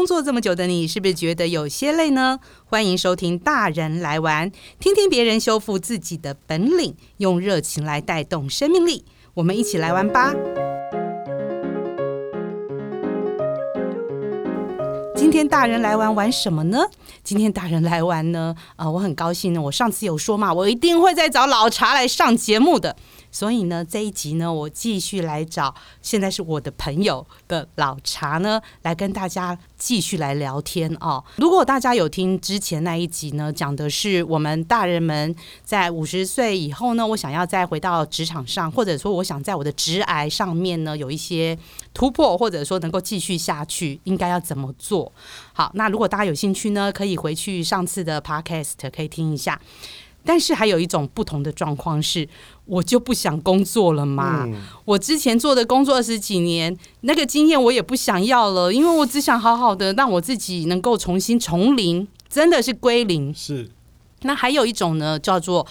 工作這麼久的你，是不是覺得有些累呢？歡迎收聽《大人來玩》，聽聽別人修復自己的本領，用熱情來帶動生命力。我們一起來玩吧！今天大人來玩玩什麼呢？今天大人來玩呢？啊、呃，我很高興呢，我上次有說嘛，我一定會再找老查來上節目的。所以呢，這一集呢，我繼續來找現在是我的朋友的老查呢，來跟大家繼續來聊天哦。如果大家有聽之前那一集呢，講的是我們大人們在五十歲以後呢，我想要再回到職場上，或者說我想在我的職涯上面呢，有一些突破，或者說能夠繼續下去，應該要怎麼做？好，那如果大家有興趣呢，可以回去上次的 podcast 可以聽一下。但是還有一種不同的狀況是，我就不想工作了嘛？嗯、我之前做的工作二十幾年，那個經驗我也不想要了，因為我只想好好的讓我自己能夠重新從零，真的是歸零。是。那還有一種呢，叫做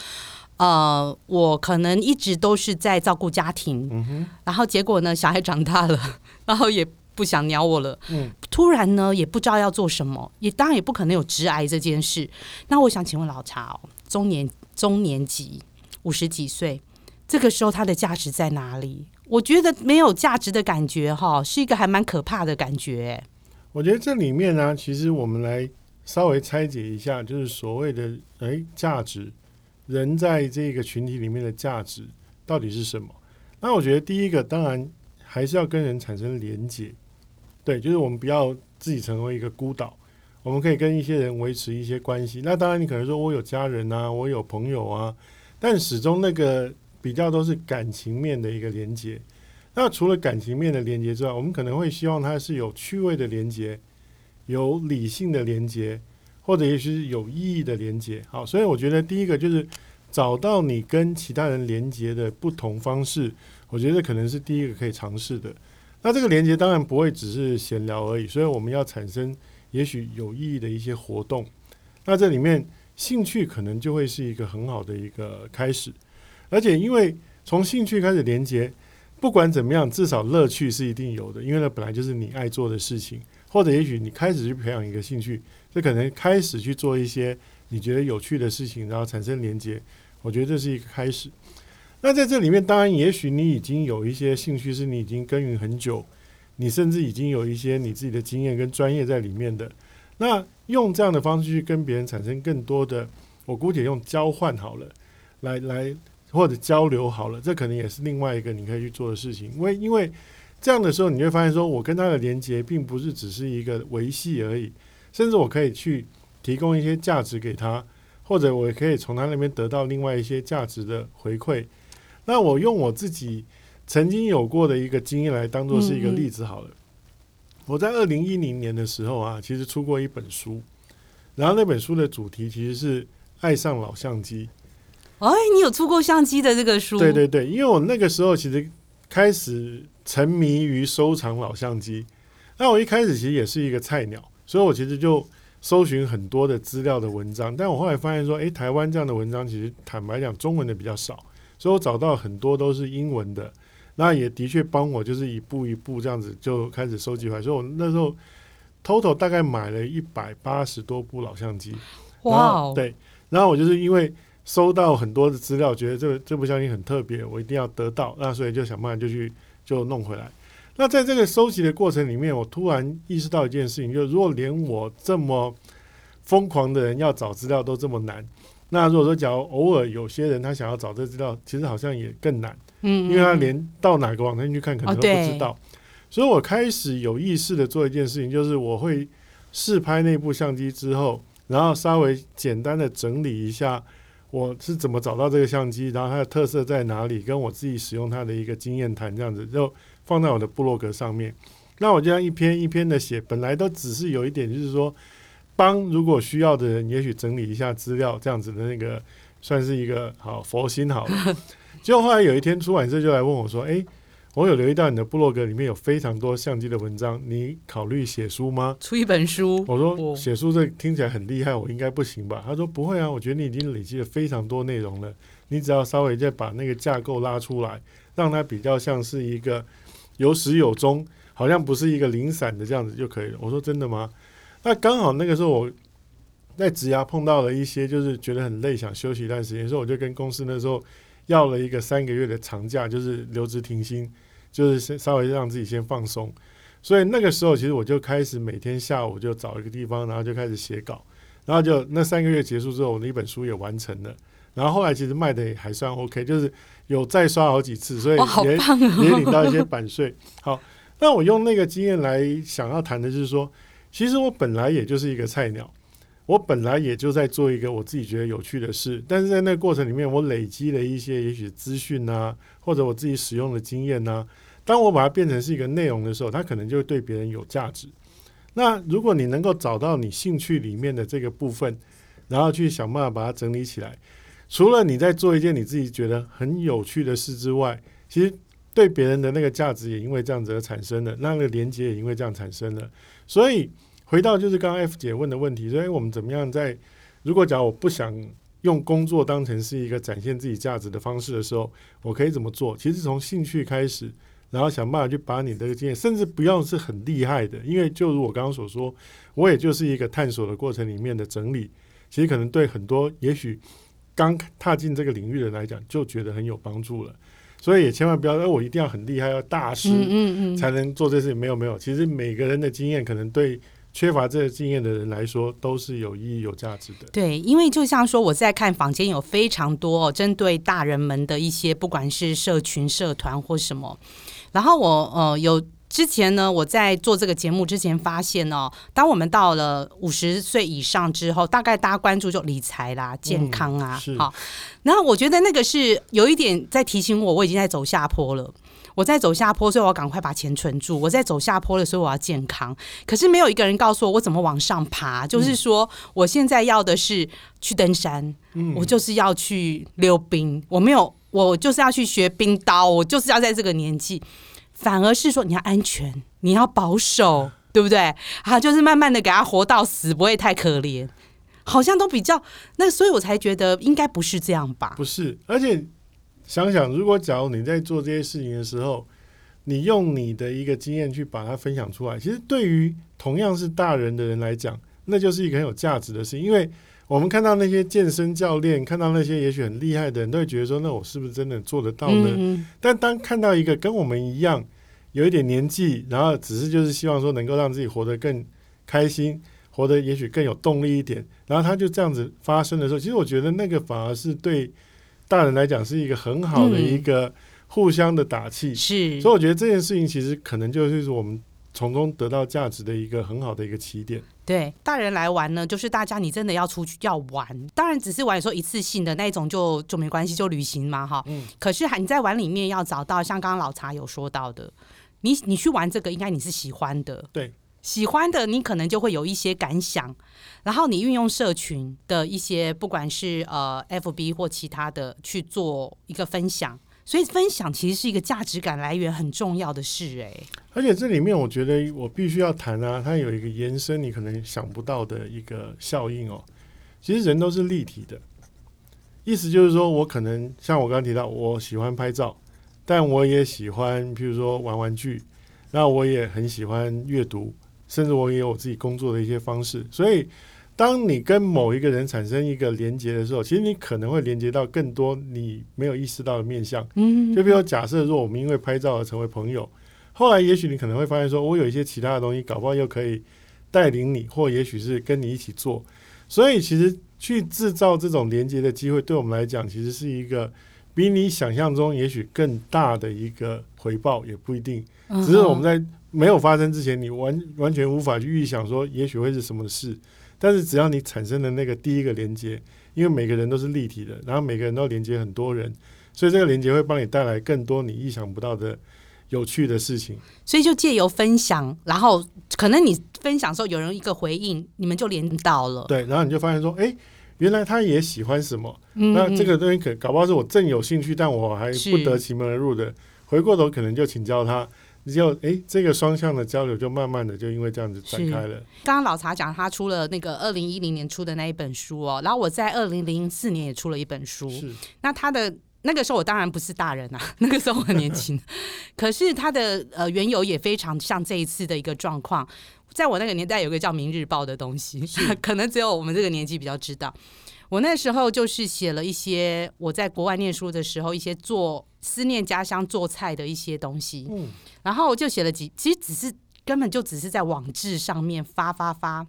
呃，我可能一直都是在照顧家庭，嗯、哼然後結果呢，小孩長大了，然後也不想鳥我了，嗯，突然呢，也不知道要做什麼，也當然也不可能有職涯這件事。那我想請問老查哦中年，中年級，五十幾歲，這個時候他的價值在哪裡？我覺得沒有價值的感覺哈、哦，是一個還蠻可怕的感覺。我覺得這裡面呢、啊，其實我們來稍微拆解一下，就是所謂的誒，價值，人在這個群體裡面的價值到底是什麼？那我覺得第一個，當然還是要跟人產生連結，對，就是我們不要自己成為一個孤島。我們可以跟一些人維持一些關係。那當然，你可能說，我有家人啊，我有朋友啊。但始終那個比較都是感情面的一個連接。那除了感情面的連接之外，我們可能會希望它是有趣味的連接，有理性的連接，或者也許是有意義的連接。好，所以我覺得第一個就是找到你跟其他人連接的不同方式。我覺得可能是第一個可以嘗試的。那這個連接當然不會只是閒聊而已，所以我們要產生。也許有意義的一些活動，那這裡面興趣可能就會是一個很好的一個開始，而且因為從興趣開始連接，不管怎麼樣，至少樂趣是一定有的，因為那本來就是你愛做的事情，或者也許你開始去培養一個興趣，這可能開始去做一些你覺得有趣的事情，然後產生連接，我覺得這是一個開始。那在這裡面，當然也許你已經有一些興趣，是你已經耕耘很久。你甚至已經有一些你自己的經驗跟專業在裡面的，那用這樣的方式去跟別人產生更多的，我姑且用交換好了，來來或者交流好了，這可能也是另外一個你可以去做的事情，因為因為這樣的時候你會發現說，我跟他的連接並不是只是一個維繫而已，甚至我可以去提供一些價值給他，或者我可以從他那邊得到另外一些價值的回饋，那我用我自己，曾經有過的一個經驗來當做是一個例子好了。我在二零一零年的時候啊，其實出過一本書，然後那本書的主題其實是愛上老相機。哎、哦，你有出過相機的這個書？對對對，因為我那個時候其實開始沉迷於收藏老相機。那我一開始其實也是一個菜鳥，所以我其實就搜尋很多的資料的文章。但我後來發現說，哎，台灣這樣的文章其實坦白講中文的比較少，所以我找到很多都是英文的。那也的確幫我，就是一步一步這樣子就開始收集回來。所以我那時候偷偷大概買了一百八十多部老相機。哇！對，然後我就是因為收到很多的資料，覺得這這部相機很特別，我一定要得到。那所以就想辦法就去就弄回來。那在這個收集的過程裡面，我突然意識到一件事情，就是如果連我這麼瘋狂的人要找資料都這麼難，那如果說假如偶爾有些人他想要找這資料，其實好像也更難。嗯，因為他連到哪個網站去看，可能都不知道，所以我開始有意識的做一件事情，就是我會試拍那部相機之後，然後稍微簡單的整理一下我是怎麼找到這個相機，然後它的特色在哪裡，跟我自己使用它的一個經驗談，這樣子就放在我的部落格上面。那我就這樣一篇一篇的寫，本來都只是有一點，就是說幫如果需要的人，也許整理一下資料，這樣子的那個算是一個好佛心好了。 結果後來有一天，出版社就來問我說：“哎、欸，我有留意到你的部落格裡面有非常多相機的文章，你考慮寫書嗎？出一本書？”我說：“哦，寫書這聽起來很厲害，我應該不行吧？”他說：“不會啊，我覺得你已經累積了非常多內容了，你只要稍微再把那個架構拉出來，讓它比較像是一個有始有終，好像不是一個零散的這樣子就可以了。”我說：“真的嗎？”那剛好那個時候我在職涯碰到了一些就是覺得很累，想休息一段時間，所以我就跟公司那時候，要了一個三個月的長假，就是留職停薪，就是稍微讓自己先放鬆。所以那個時候，其實我就開始每天下午就找一個地方，然後就開始寫稿。然後就那三個月結束之後，我那本書也完成了。然後後來其實賣的也還算 OK，就是有再刷好幾次，所以也、哦哦、也領到一些版稅。好，那我用那個經驗來想要談的就是說，其實我本來也就是一個菜鳥。我本來也就在做一個我自己覺得有趣的事，但是在那個過程裡面，我累積了一些也許資訊啊，或者我自己使用的經驗啊，當我把它變成是一個內容的時候，它可能就會對別人有價值。那如果你能夠找到你興趣裡面的這個部分，然後去想辦法把它整理起來，除了你在做一件你自己覺得很有趣的事之外，其實對別人的那個價值也因為這樣子而產生的，那，那個連接也因為這樣產生了，所以。回到就是剛剛 F 姐問的問題，所以我們怎麼樣在？如果假如我不想用工作當成是一個展現自己價值的方式的時候，我可以怎麼做？其實從興趣開始，然後想辦法去把你這個經驗，甚至不用是很厲害的，因為就如我剛剛所說，我也就是一個探索的過程裡面的整理。其實可能對很多也許剛踏進這個領域的人來講，就覺得很有幫助了。所以也千萬不要說，哎，我一定要很厲害，要大師，才能做這事情。嗯嗯嗯，沒有沒有，其實每個人的經驗可能對。缺乏這個經驗的人來說，都是有意義、有價值的。對，因為就像說，我在看坊間有非常多、哦、針對大人們的一些，不管是社群、社團或什麼。然後我呃有之前呢，我在做這個節目之前發現哦，當我們到了五十歲以上之後，大概大家關注就理財啦、健康啊，嗯、是好。然後我覺得那個是有一點在提醒我，我已經在走下坡了。我在走下坡，所以我要趕快把錢存住。我在走下坡的時候，我要健康。可是沒有一個人告訴我我怎麼往上爬。嗯、就是說，我現在要的是去登山，嗯、我就是要去溜冰。我沒有，我就是要去學冰刀。我就是要在這個年紀，反而是說你要安全，你要保守，嗯、對不對？啊，就是慢慢的給他活到死，不會太可憐。好像都比較，那所以我才覺得應該不是這樣吧？不是，而且。想想，如果假如你在做這些事情的時候，你用你的一個經驗去把它分享出來，其實對於同樣是大人的人來講，那就是一個很有價值的事情。因為我們看到那些健身教練，看到那些也許很厲害的人都會覺得說：“那我是不是真的做得到呢？”嗯嗯。但當看到一個跟我們一樣有一點年紀，然後只是就是希望說能夠讓自己活得更開心，活得也許更有動力一點，然後他就這樣子發生的時候，其實我覺得那個反而是對。大人來講是一個很好的一個、嗯、互相的打氣，是，所以我覺得這件事情其實可能就是我們從中得到價值的一個很好的一個起點。對，大人來玩呢，就是大家你真的要出去要玩，當然只是玩說一次性的那種就就沒關係，就旅行嘛哈。嗯，可是還你在玩裡面要找到像剛剛老查有說到的，你你去玩這個應該你是喜歡的，對。喜歡的你可能就會有一些感想，然後你運用社群的一些，不管是呃 FB 或其他的去做一個分享，所以分享其實是一個價值感來源很重要的事哎、欸。而且這裡面我覺得我必須要談啊，它有一個延伸你可能想不到的一個效應哦。其實人都是立體的，意思就是說我可能像我剛剛提到，我喜歡拍照，但我也喜歡，譬如說玩玩具，那我也很喜歡閱讀。甚至我也有我自己工作的一些方式，所以當你跟某一個人產生一個連接的時候，其實你可能會連接到更多你沒有意識到的面向。 就比如假設，如果我們因為拍照而成為朋友，後來也許你可能會發現說，說我有一些其他的東西，搞不好又可以帶領你，或也許是跟你一起做。所以，其實去制造這種連接的機會，對我們來講，其實是一個比你想象中也許更大的一個回報，也不一定。只是我們在。沒有發生之前，你完完全無法去預想說也許會是什麼事。但是只要你產生的那個第一個連接，因為每個人都是立體的，然後每個人都連接很多人，所以這個連接會幫你帶來更多你意想不到的有趣的事情。所以就借由分享，然後可能你分享的時候有人一個回應，你們就連到了。對，然後你就發現說，哎，原來他也喜歡什麼。嗯嗯，那這個東西可搞不好是我正有興趣，但我還不得其門而入的。是回過頭可能就請教他。就誒，這個雙向的交流就慢慢的就因為這樣子展開了。剛剛老查講他出了那個二零一零年出的那一本書哦，然後我在二零零四年也出了一本書。是，那他的那個時候我當然不是大人啊，那個時候我很年輕。 可是他的呃緣由也非常像這一次的一個狀況，在我那個年代有個叫《明日報》的東西，是可能只有我們這個年紀比較知道。我那時候就是寫了一些我在國外念書的時候一些做思念家鄉做菜的一些東西，嗯，然後我就寫了幾，其實只是根本就只是在網誌上面發發發，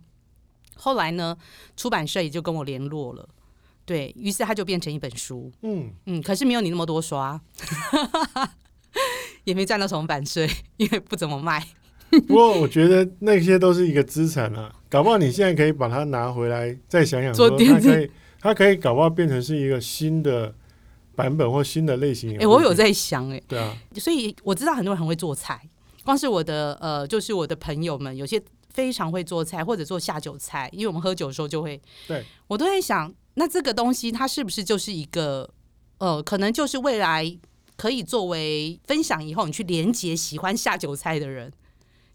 後來呢，出版社也就跟我聯絡了，對，於是它就變成一本書，嗯嗯，可是沒有你那麼多刷，嗯、 也沒賺到什麼版稅，因為不怎麼賣。不過我覺得那些都是一個資產啊， 搞不好你現在可以把它拿回來再想想做電子。它可以搞不好變成是一個新的版本或新的類型。哎、欸，我有在想、欸，哎，對啊，所以我知道很多人很會做菜，光是我的呃，就是我的朋友們，有些非常會做菜或者做下酒菜，因為我們喝酒的時候就會。對，我都在想，那這個東西它是不是就是一個呃，可能就是未來可以作為分享以後，你去連接喜歡下酒菜的人，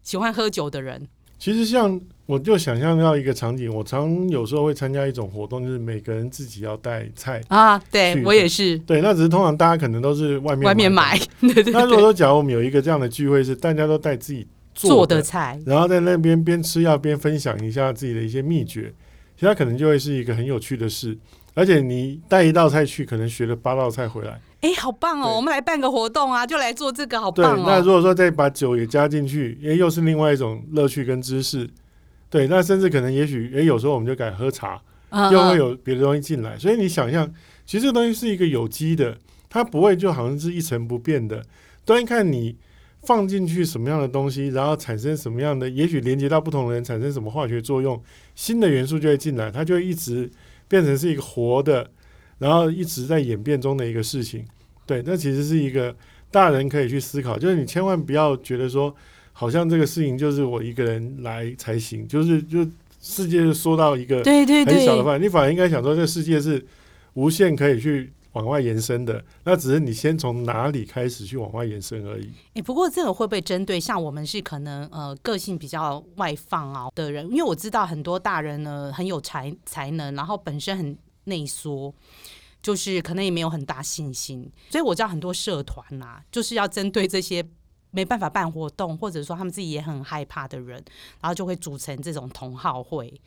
喜歡喝酒的人。其實像。我就想象到一個場景，我常有時候會參加一種活動，就是每個人自己要帶菜啊，對我也是，對，那只是通常大家可能都是外面外面買。對對對，那如果說假如我們有一個這樣的聚會，是大家都帶自己做的，做的菜，然後在那邊邊吃藥邊分享一下自己的一些秘訣。對對對，其實可能就會是一個很有趣的事。而且你帶一道菜去，可能學了八道菜回來，哎、欸，好棒哦！對我們來辦個活動啊，就來做這個，好棒哦。那如果說再把酒也加進去，因為又是另外一種樂趣跟知識。對，那甚至可能，也許也有時候我們就改喝茶，又會有別的東西進來。啊啊所以你想象，其實這東西是一個有機的，它不會就好像是一成不變的。端看你放進去什麼樣的東西，然後產生什麼樣的，也許連接到不同的人，產生什麼化學作用，新的元素就會進來，它就會一直變成是一個活的，然後一直在演變中的一個事情。對，那其實是一個大人可以去思考，就是你千萬不要覺得說。好像這個事情就是我一個人來才行，就是就世界縮到一個很小的範圍，對對對。你反而應該想說，這個世界是無限可以去往外延伸的，那只是你先從哪裡開始去往外延伸而已。哎、欸，不過這個會不會針對像我們是可能呃個性比較外放啊的人？因為我知道很多大人呢很有才才能，然後本身很內縮，就是可能也沒有很大信心，所以我知道很多社團吶、啊，就是要針對這些。沒辦法辦活動，或者說他們自己也很害怕的人，然後就會組成這種同好會，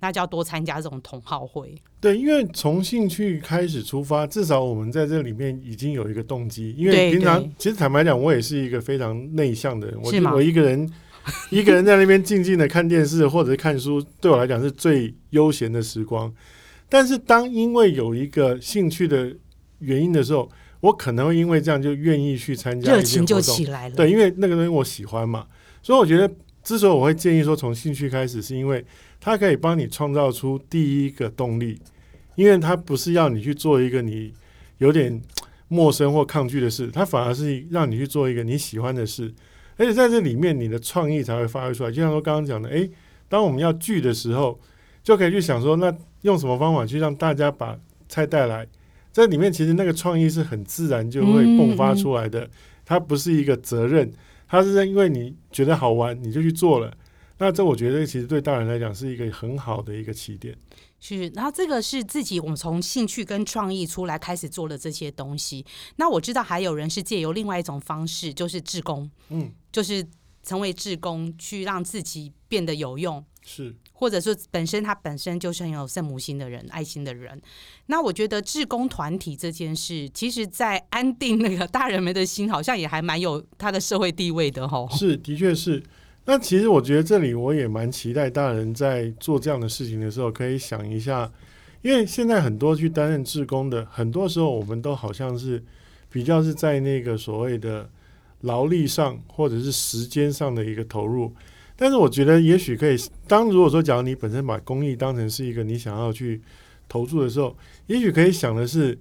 那就要多參加這種同好會。對，因為從興趣開始出發，至少我們在這裡面已經有一個動機。因為平常，對對。其實坦白講，我也是一個非常內向的人，我嗎我一個人一個人在那邊靜靜的看電視或者是看書， 對我來講是最悠閒的時光。但是當因為有一個興趣的原因的時候。我可能會因為這樣就願意去參加一些活動，熱情就起來了。對，因為那個東西我喜歡嘛，所以我覺得，之所以我會建議說從興趣開始，是因為它可以幫你創造出第一個動力，因為它不是要你去做一個你有點陌生或抗拒的事，它反而是讓你去做一個你喜歡的事，而且在這裡面你的創意才會發揮出來。就像說剛剛講的，誒、欸，當我們要聚的時候，就可以去想說，那用什麼方法去讓大家把菜帶來。這裡面其實那個創意是很自然就會迸發出來的，嗯嗯嗯。它不是一個責任，它是因為你覺得好玩你就去做了。那這我覺得其實對大人來講是一個很好的一個起點。是，然後這個是自己我們從興趣跟創意出來開始做了這些東西。那我知道還有人是借由另外一種方式，就是志工，嗯，就是。成為志工，去讓自己變得有用。是或者說本身他本身就是很有聖母心的人，愛心的人。那我覺得志工團體這件事，其實，在安定那個大人們的心，好像也還蠻有他的社會地位的哈、哦。是，的確是。那其實我覺得這裡我也蠻期待大人在做這樣的事情的時候，可以想一下，因為現在很多去擔任志工的，很多時候我們都好像是比較是在那個所謂的。勞力上或者是時間上的一個投入，但是我覺得也許可以當，如果說假如你本身把公益當成是一個你想要去投注的時候，也許可以想的是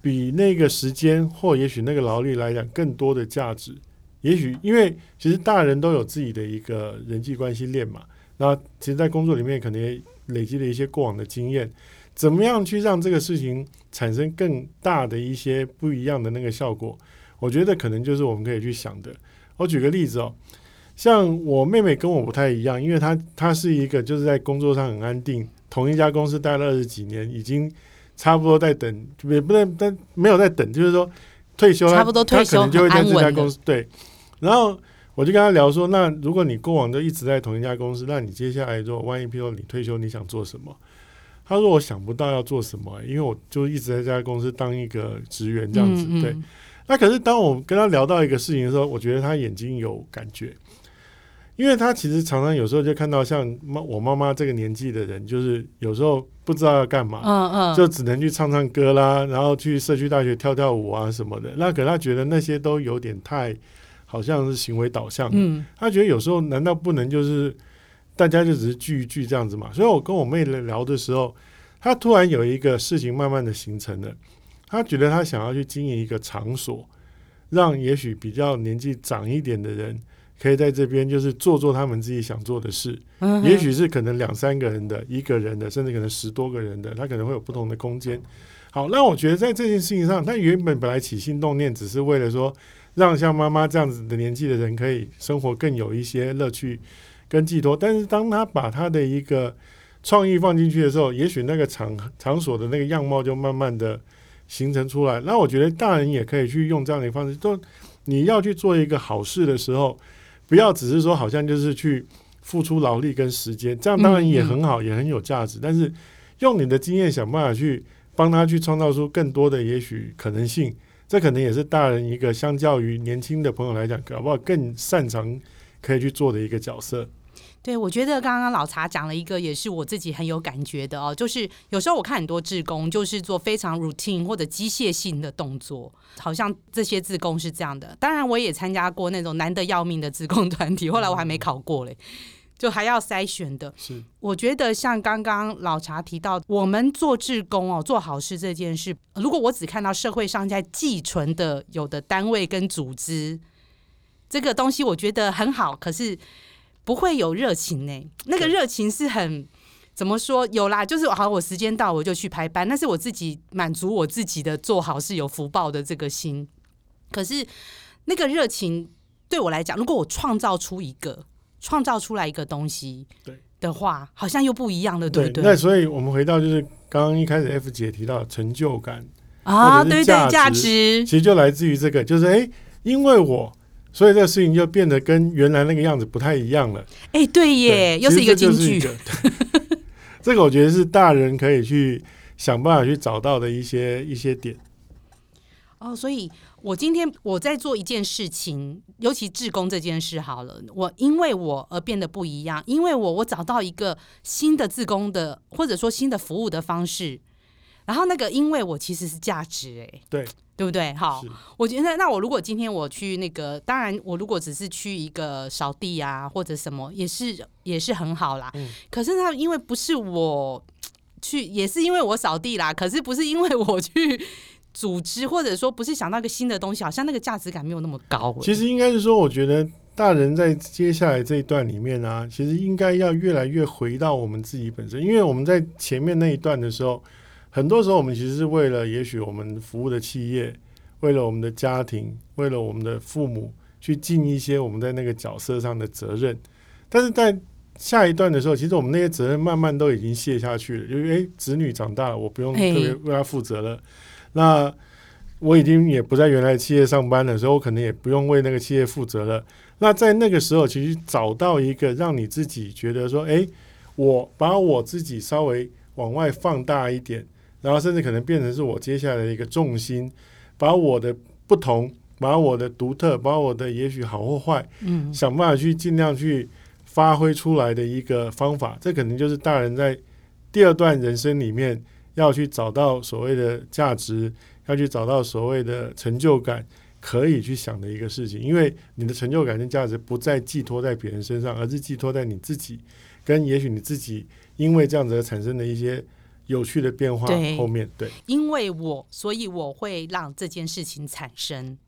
比那個時間或也許那個勞力來講更多的價值。也許因為其實大人都有自己的一個人際關係鏈嘛，那其實，在工作裡面可能也累積了一些過往的經驗，怎麼樣去讓這個事情產生更大的一些不一樣的那個效果？我覺得可能就是我們可以去想的。我舉個例子哦，像我妹妹跟我不太一樣，因為她她是一個就是在工作上很安定，同一家公司待了二十幾年，已經差不多在等，也不，不在，但沒有在等，就是說退休差不多退休，她可能就會在這家公司對。然後我就跟她聊說，那如果你過往都一直在同一家公司，那你接下來如果萬一譬如說你退休，你想做什麼？她說我想不到要做什麼，欸，因為我就一直在這家公司當一個職員這樣子嗯嗯對。那、啊、可是，當我跟他聊到一個事情的時候，我覺得他眼睛有感覺，因為他其實常常有時候就看到像媽我媽媽這個年紀的人，就是有時候不知道要幹嘛，嗯嗯，嗯就只能去唱唱歌啦，然後去社區大學跳跳舞啊什麼的。那可他覺得那些都有點太，好像是行為導向，嗯，他覺得有時候難道不能就是大家就只是聚一聚這樣子嘛？所以我跟我妹聊的時候，他突然有一個事情慢慢的形成了。他覺得他想要去經營一個場所，讓也許比較年紀長一點的人可以在這邊，就是做做他們自己想做的事。嗯，也許是可能兩三個人的，一個人的，甚至可能十多個人的，他可能會有不同的空間。好，那我覺得在這件事情上，他原本本來起心動念只是為了說，讓像媽媽這樣子的年紀的人可以生活更有一些樂趣跟寄託。但是當他把他的一個創意放進去的時候，也許那個場場所的那個樣貌就慢慢的。形成出來，那我覺得大人也可以去用這樣的方式，就你要去做一個好事的時候，不要只是說好像就是去付出勞力跟時間，這樣當然也很好，嗯嗯也很有價值。但是用你的經驗想辦法去幫他去創造出更多的也許可能性，這可能也是大人一個相較於年輕的朋友來講，搞不好更擅長可以去做的一個角色。對，我覺得剛剛老查講了一個，也是我自己很有感覺的哦，就是有時候我看很多志工，就是做非常 routine 或者機械性的動作，好像這些志工是這樣的。當然，我也參加過那種難得要命的志工團體，後來我還沒考過嘞，就還要篩選的。是，我覺得像剛剛老查提到，我們做志工哦，做好事這件事，如果我只看到社會上在既存的有的單位跟組織，這個東西我覺得很好，可是。不會有熱情呢，那個熱情是很怎麼說？有啦，就是好，我時間到我就去排班，那是我自己滿足我自己的做好事有福報的這個心。可是那個熱情對我來講，如果我創造出一個創造出來一個東西的話，對好像又不一樣了，對不對，對？那所以我們回到就是剛剛一開始 F 姐提到的成就感啊，對對，價值其實就來自於這個，就是哎，因為我。所以這事情就變得跟原來那個樣子不太一樣了。哎、欸，對耶，對，又是一個金句。這個， 這個我覺得是大人可以去想辦法去找到的一些一些點。哦，所以我今天我在做一件事情，尤其志工這件事好了，我因為我而變得不一樣，因為我我找到一個新的志工的或者說新的服務的方式。然後那個，因為我其實是價值哎、欸，對，對不對？是好，我覺得那我如果今天我去那個，當然我如果只是去一個掃地啊或者什麼，也是也是很好啦。嗯、可是那因為不是我去，也是因為我掃地啦。可是不是因為我去組織，或者說不是想到一個新的東西，好像那個價值感沒有那麼高、欸。其實應該是說，我覺得大人在接下來這一段裡面啊，其實應該要越來越回到我們自己本身，因為我們在前面那一段的時候。很多時候，我們其實是為了，也許我們服務的企業，為了我們的家庭，為了我們的父母，去盡一些我們在那個角色上的責任。但是在下一段的時候，其實我們那些責任慢慢都已經卸下去了，因為，哎，子女長大了，我不用特別為他負責了。哎，那我已經也不在原來企業上班了，所以我可能也不用為那個企業負責了。那在那個時候，其實找到一個讓你自己覺得說，哎，我把我自己稍微往外放大一點。然後甚至可能變成是我接下來的一個重心，把我的不同，把我的獨特，把我的也許好或壞，嗯，想辦法去盡量去發揮出來的一個方法。這可能就是大人在第二段人生裡面要去找到所謂的價值，要去找到所謂的成就感，可以去想的一個事情。因為你的成就感跟價值不再寄托在別人身上，而是寄托在你自己，跟也許你自己因為這樣子而產生的一些。有趣的變化後面對，對因為我，所以我會讓這件事情產生，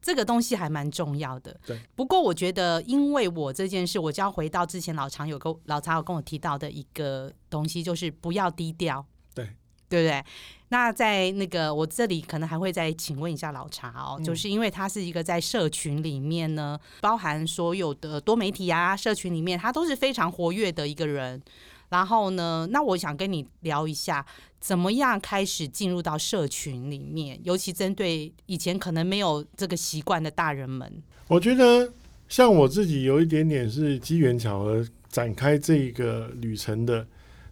這個東西還蠻重要的。對，不過我覺得因為我這件事，我就要回到之前老查有個老查有跟我提到的一個東西，就是不要低調，對，對不對，對？那在那個我這裡可能還會再請問一下老查哦，嗯、就是因為他是一個在社群裡面呢，包含所有的多媒體啊，社群裡面他都是非常活躍的一個人。然後呢，那我想跟你聊一下，怎麼樣開始進入到社群裡面，尤其針對以前可能沒有這個習慣的大人們。我覺得像我自己有一點點是機緣巧合展開這個旅程的。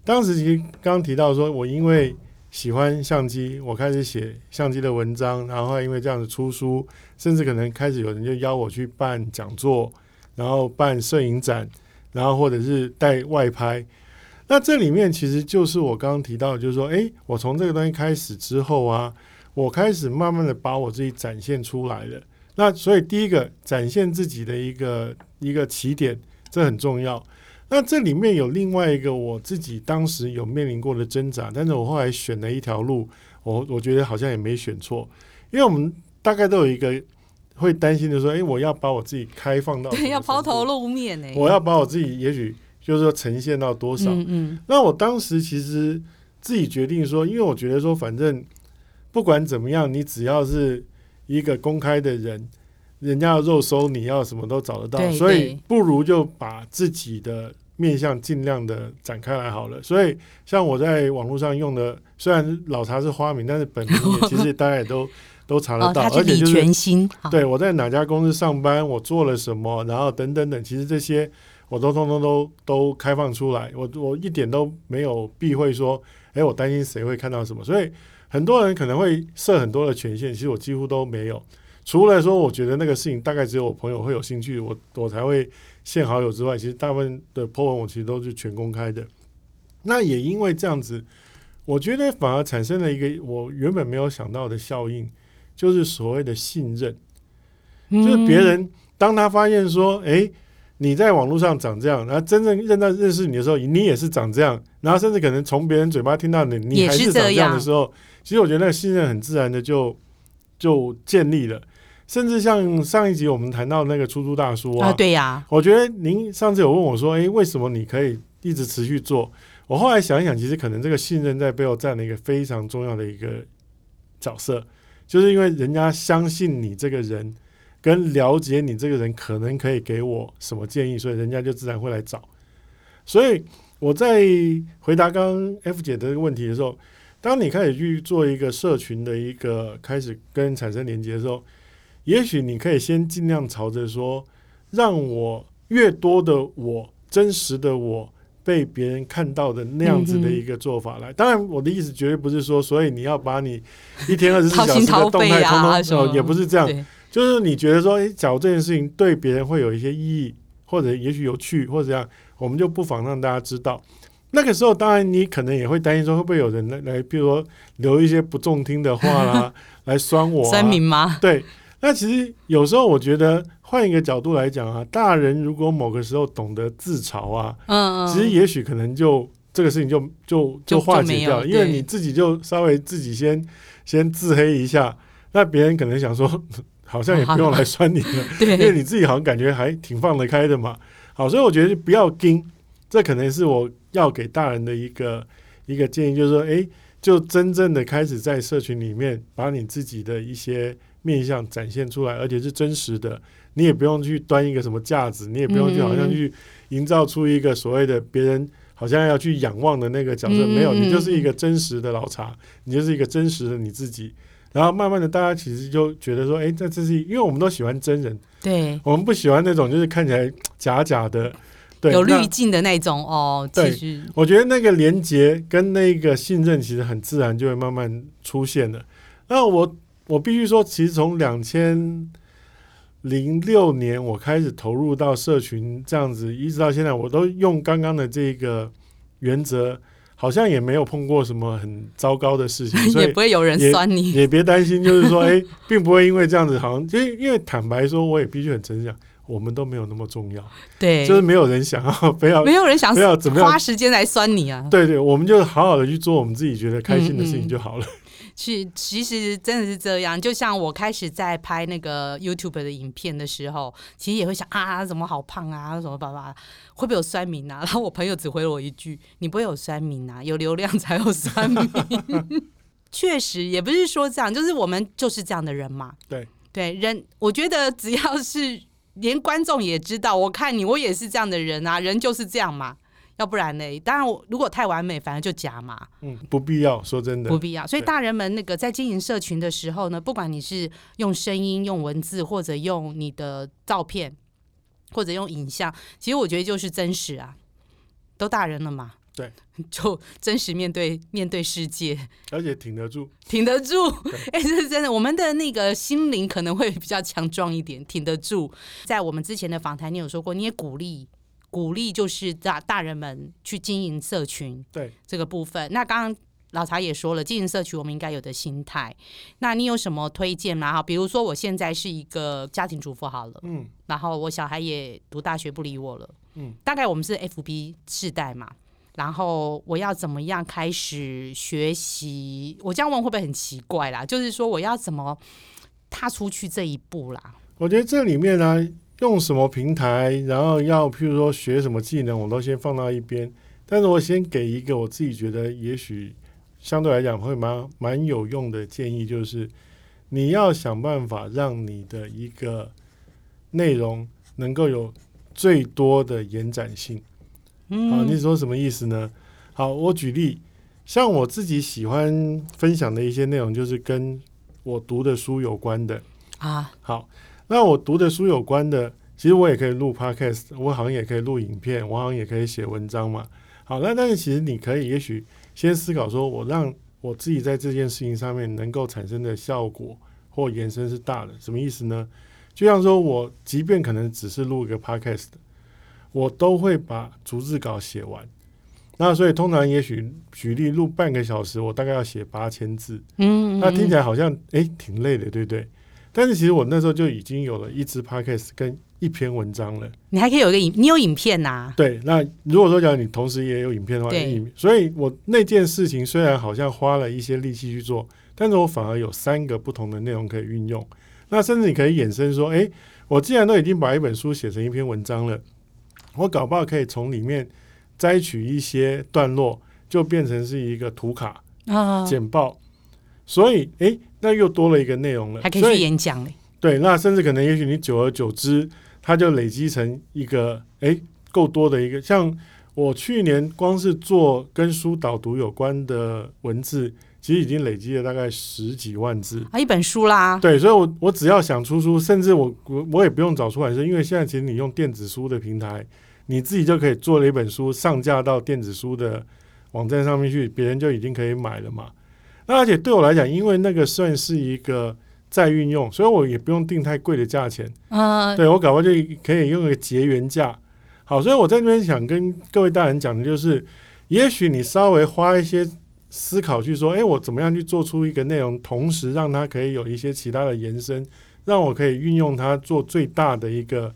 當時其實剛提到說，我因為喜歡相機，我開始寫相機的文章，然後因為這樣子出書，甚至可能開始有人就邀我去辦講座，然後辦攝影展，然後或者是帶外拍。那這裡面其實就是我剛剛提到的，就是說，哎，我從這個東西開始之後啊，我開始慢慢的把我自己展現出來了。那所以第一個展現自己的一個一個起點，這很重要。那這裡面有另外一個我自己當時有面臨過的掙扎，但是我後來選了一條路，我我覺得好像也沒選錯，因為我們大概都有一個會擔心的說，哎，我要把我自己開放到，對，要拋頭露面呢，我要把我自己也許。就是說，呈現到多少？嗯，嗯。那我當時其實自己決定說，因為我覺得說，反正不管怎麼樣，你只要是一個公開的人，人家要肉搜，你要什麼都找得到。所以，不如就把自己的面向盡量的展開來好了。所以，像我在網絡上用的，雖然老查是花名，但是本名也其實大家也都都查得到。而且就是全新。對，我在哪家公司上班，我做了什麼，然後等等等，其實這些。我都通通都都開放出來，我我一點都沒有避諱說，哎，我擔心誰會看到什麼，所以很多人可能會設很多的權限，其實我幾乎都沒有。除了說，我覺得那個事情大概只有我朋友會有興趣，我我才會限好友之外，其實大部分的 po 文我其實都是全公開的。那也因為這樣子，我覺得反而產生了一個我原本沒有想到的效應，就是所謂的信任，嗯、就是別人當他發現說，哎，你在網絡上長這樣，然後真正認到認識你的時候，你也是長這樣，然後甚至可能從別人嘴巴聽到你，你還是長這樣的時候，其實我覺得那個信任很自然的就就建立了。甚至像上一集我們談到那個出租大叔啊，啊，對呀、啊，我覺得您上次有問我說，哎、欸，為什麼你可以一直持續做？我後來想一想，其實可能這個信任在背後佔了一個非常重要的一個角色，就是因為人家相信你這個人。跟了解你這個人，可能可以給我什麼建議，所以人家就自然會來找。所以我在回答剛剛 F 姐的問題的時候，當你開始去做一個社群的一個開始跟產生連接的時候，也許你可以先儘量朝着說，讓我越多的我真實的我被別人看到的那樣子的一個做法來。嗯哼。當然，我的意思絕對不是說，所以你要把你一天二十四小時的動態通通，也不是這樣。就是你覺得說，欸、假如這件事情對別人會有一些意義，或者也許有趣，或者這樣，我們就不妨讓大家知道。那個時候，當然你可能也會擔心說，會不會有人來來，比如說留一些不中聽的話啦、啊， 來酸我、啊。酸民嗎？對。那其實有時候我覺得，換一個角度來講啊，大人如果某個時候懂得自嘲啊，嗯嗯，其實也許可能就這個事情就就就化解掉了，因為你自己就稍微自己先先自黑一下，那別人可能想說。好像也不用來酸你了，oh, h 對因為你自己好像感覺還挺放得開的嘛。好，所以我覺得不要驚，這可能是我要給大人的一個一個建議，就是說，哎，就真正的開始在社群裡面把你自己的一些面向展現出來，而且是真實的。你也不用去端一個什麼架子，你也不用去好像去營造出一個所謂的別人好像要去仰望的那個角色。嗯、沒有，你就是一個真實的老查，你就是一個真實的你自己。然後慢慢的，大家其實就覺得說，哎，這這是因為我們都喜歡真人，對，我們不喜歡那種就是看起來假假的，對，有濾鏡的那種那哦。其實對，我覺得那個連接跟那個信任其實很自然就會慢慢出現了。那我我必須說，其實從兩千零六年我開始投入到社群這樣子，一直到現在，我都用剛剛的這個原則。好像也沒有碰過什麼很糟糕的事情，所以也，也不會有人酸你，也別擔心，就是說，哎、 欸，並不會因為這樣子，好像因為因為坦白說，我也必須很真相，我們都沒有那麼重要，對，就是沒有人想要不要，不要沒有人想要怎麼樣花時間來酸你啊，對，對對，我們就好好的去做我們自己覺得開心的事情就好了。嗯嗯其其實真的是這樣。就像我開始在拍那個 YouTube 的影片的時候，其實也會想啊，怎麼好胖啊，什麼吧吧，會不會有酸民啊？然後我朋友只回了我一句：“你不會有酸民啊，有流量才有酸民。 ”確實，也不是說這樣，就是我們就是這樣的人嘛。對對，人我覺得只要是連觀眾也知道，我看你，我也是這樣的人啊，人就是這樣嘛。要不然呢？當然，如果太完美，反而就假嘛。嗯，不必要，說真的，不必要。所以大人們那個在經營社群的時候呢，對不管你是用聲音、用文字，或者用你的照片，或者用影像，其實我覺得就是真實啊。都大人了嘛，對，就真實面對面對世界，而且挺得住，挺得住。哎對、欸，是真的，我們的那個心靈可能會比較強壯一點，挺得住。在我們之前的訪談，你有說過，你也鼓勵。鼓勵就是大大人們去經營社群，對這個部分。對那剛剛老查也說了，經營社群我們應該有的心態。那你有什麼推薦嗎？哈，比如說我現在是一個家庭主婦好了，嗯，然後我小孩也讀大學不理我了，嗯，大概我們是 FB 世代嘛。然後我要怎麼樣開始學習？我這樣問會不會很奇怪啦？就是說我要怎麼踏出去這一步啦？我覺得這裡面呢、啊。用什麼平台？然後要，譬如說學什麼技能，我都先放到一邊。但是我先給一個我自己覺得也許相對來講會蠻蠻有用的建議，就是你要想辦法讓你的一個內容能夠有最多的延展性。嗯，好，你說什麼意思呢？好，我舉例，像我自己喜歡分享的一些內容，就是跟我讀的書有關的啊。好。那我讀的書有關的，其實我也可以錄 podcast，我好像也可以錄影片，我好像也可以寫文章嘛。好，那但是其實你可以，也許先思考說，我讓我自己在這件事情上面能夠產生的效果或延伸是大的，什麼意思呢？就像說我，即便可能只是錄一個 podcast，我都會把逐字稿寫完。那所以通常也許舉例錄半個小時，我大概要寫八千字。嗯，嗯，嗯，那聽起來好像誒挺累的，對不對？但是其實我那時候就已經有了一支 podcast 跟一篇文章了。你還可以有一個影，你有影片吶，啊？對，那如果說講你同時也有影片的話，對，所以我那件事情雖然好像花了一些力氣去做，但是我反而有三個不同的內容可以運用。那甚至你可以衍生說，哎、欸，我既然都已經把一本書寫成一篇文章了，我搞不好可以從裡面摘取一些段落，就變成是一個圖卡、哦、簡報。所以，誒，那又多了一個內容了，還可以去演講嘞。對，那甚至可能也許你久而久之，它就累積成一個，哎，夠多的一個。像我去年光是做跟書導讀有關的文字，其實已經累積了大概十幾萬字。啊，一本書啦。對，所以我，我我只要想出書，甚至我我我也不用找出版社，因為現在其實你用電子書的平台，你自己就可以做了一本書上架到電子書的網站上面去，別人就已經可以買了嘛。那而且對我來講，因為那個算是一個再運用，所以我也不用定太貴的價錢啊。對，我搞不好就可以用一個結緣價。好，所以我在這邊想跟各位大人講的就是，也許你稍微花一些思考去說，哎、欸，我怎麼樣去做出一個內容，同時讓它可以有一些其他的延伸，讓我可以運用它做最大的一個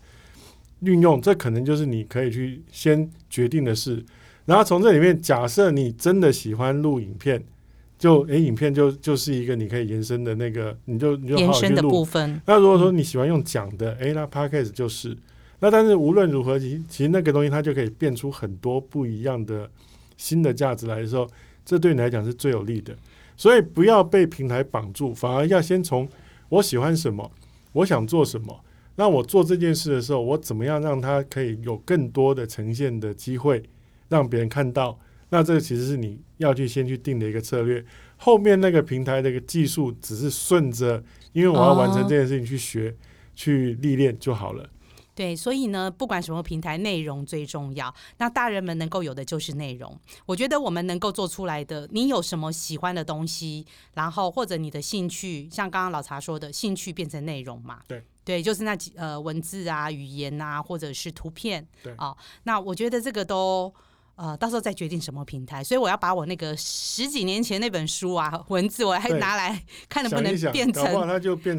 運用。這可能就是你可以去先決定的事。然後從這裡面，假設你真的喜歡錄影片。就誒，影片就就是一個你可以延伸的那個，你就，你就好好錄延伸的部分。那如果說你喜歡用講的，誒，那 podcast 就是。那但是無論如何，其實那個東西它就可以變出很多不一樣的新的價值來的時候，這對你來講是最有利的。所以不要被平台綁住，反而要先從我喜歡什麼，我想做什麼。那我做這件事的時候，我怎麼樣讓它可以有更多的呈現的機會，讓別人看到。那這個其實是你要去先去定的一個策略，後面那個平台的一個技術只是順着，因為我要完成這件事情去學、哦、去歷練就好了。對，所以呢，不管什麼平台，內容最重要。那大人們能夠有的就是內容。我覺得我們能夠做出來的，你有什麼喜歡的東西，然後或者你的興趣，像剛剛老查說的，興趣變成內容嘛？對，對，就是那幾呃文字啊、語言啊，或者是圖片。對啊、哦，那我覺得這個都。呃，到時候再決定什麼平台，所以我要把我那個十幾年前那本書啊，文字我還拿來對看能不能想想變成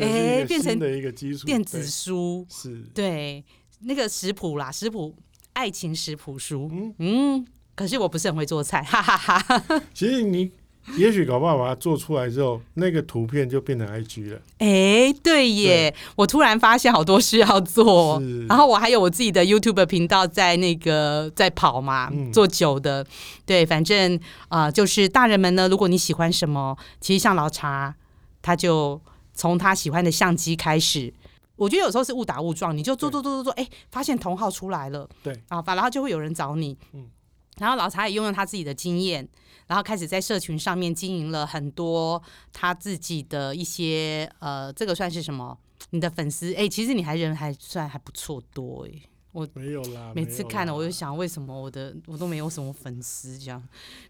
哎、欸，變成的一個電子書對對是，對那個食譜啦，食譜愛情食譜書，嗯，嗯，可是我不是很會做菜，哈哈哈，哈。其實你。也許搞不好把它做出來之後，那個圖片就變成 IG 了。哎、欸，對耶！對，我突然發現好多事要做。是然後我還有我自己的 YouTube 頻道在那個在跑嘛，嗯、做酒的。對，反正啊、呃，就是大人們呢，如果你喜歡什麼，其實像老查，他就從他喜歡的相機開始。我覺得有時候是誤打誤撞，你就做做做做做，哎對、欸，發現同號出來了。對啊，反正就會有人找你。嗯，然後老查也用了他自己的經驗。然後開始在社群上面經營了很多他自己的一些呃，這個算是什麼？你的粉絲誒、欸，其實你還人還算還不錯、欸，多誒。我沒有啦，每次看了我就想，為什麼我的我都沒有什麼粉絲這樣？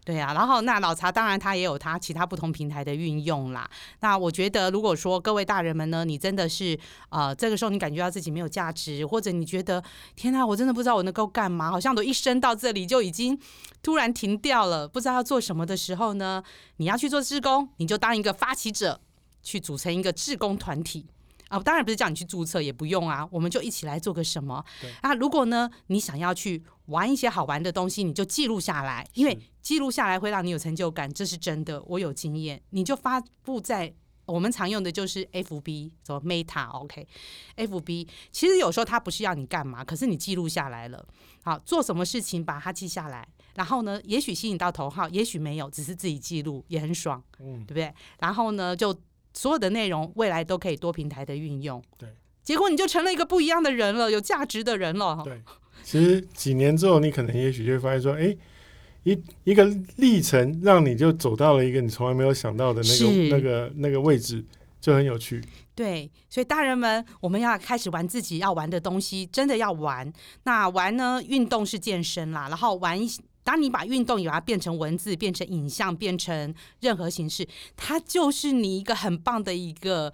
對啊。然後那老查當然他也有他其他不同平台的運用啦。那我覺得，如果說各位大人們呢，你真的是啊、呃，這個時候你感覺到自己沒有價值，或者你覺得天吶、啊，我真的不知道我能夠幹嘛，好像都一生到這裡就已經突然停掉了，不知道要做什麼的時候呢，你要去做志工，你就當一個發起者去組成一個志工團體。啊，當然不是叫你去註冊，也不用啊。我們就一起來做個什麼？那，對，啊，如果呢，你想要去玩一些好玩的東西，你就記錄下來，因為記錄下來會讓你有成就感，這是真的，我有經驗。你就發布在我們常用的就是 FB，什麼 Meta OK，FB，okay。其實有時候它不是要你幹嘛，可是你記錄下來了，好，做什麼事情把它記下來，然後呢，也許吸引到頭號，也許沒有，只是自己記錄也很爽，嗯，對不對？然後呢，就。所有的內容未來都可以多平台的運用，對，結果你就成了一個不一樣的人了，有價值的人了。對，其實幾年之後，你可能也許就會發現說，哎、欸，一一個歷程讓你就走到了一個你從來沒有想到的那個是那個那個位置，就很有趣。對，所以大人們，我們要開始玩自己要玩的東西，真的要玩。那玩呢？運動是健身啦，然後玩一。當你把運動把它變成文字，變成影像，變成任何形式，它就是你一個很棒的一個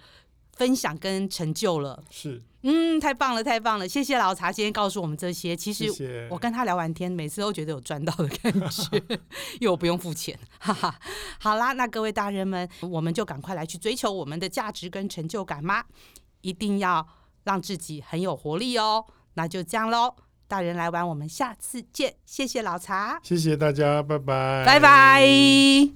分享跟成就了。是，嗯，太棒了，太棒了，謝謝老查今天告訴我們這些。其實我跟他聊完天，謝謝每次都覺得有賺到的感覺， 因為我不用付錢。哈哈，好啦，那各位大人們，我們就趕快來去追求我們的價值跟成就感嘛！一定要讓自己很有活力哦。那就這樣嘍。大人來玩，我們下次見。謝謝老查，謝謝大家，拜拜，拜拜。